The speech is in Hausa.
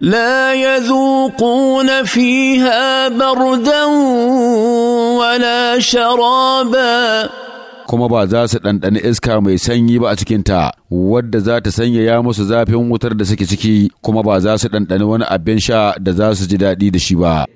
لا يذوقون فيها بردا ولا شرابا kuma ba za su ɗanɗani iska mai sanyi ba a cikinta wadda za ta sanyaya musu zafin wutar da suke ciki kuma ba za su ɗanɗani wani abin sha da za su ji daɗi da shi ba.